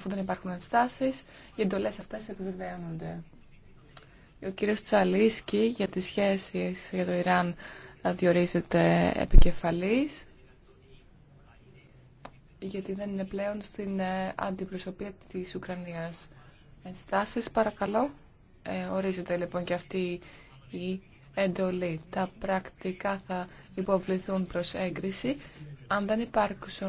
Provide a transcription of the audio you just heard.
Αφού δεν υπάρχουν ενστάσεις, οι εντολές αυτές επιβεβαιώνονται. Ο κύριος Τσαλίσκι για τις σχέσεις για το Ιράν διορίζεται επικεφαλής γιατί δεν είναι πλέον στην ε, αντιπροσωπεία της Ουκρανίας. Ενστάσεις παρακαλώ. Ε, ορίζεται λοιπόν και αυτή η εντολή. Τα πρακτικά θα υποβληθούν προς έγκριση αν δεν υπάρξουν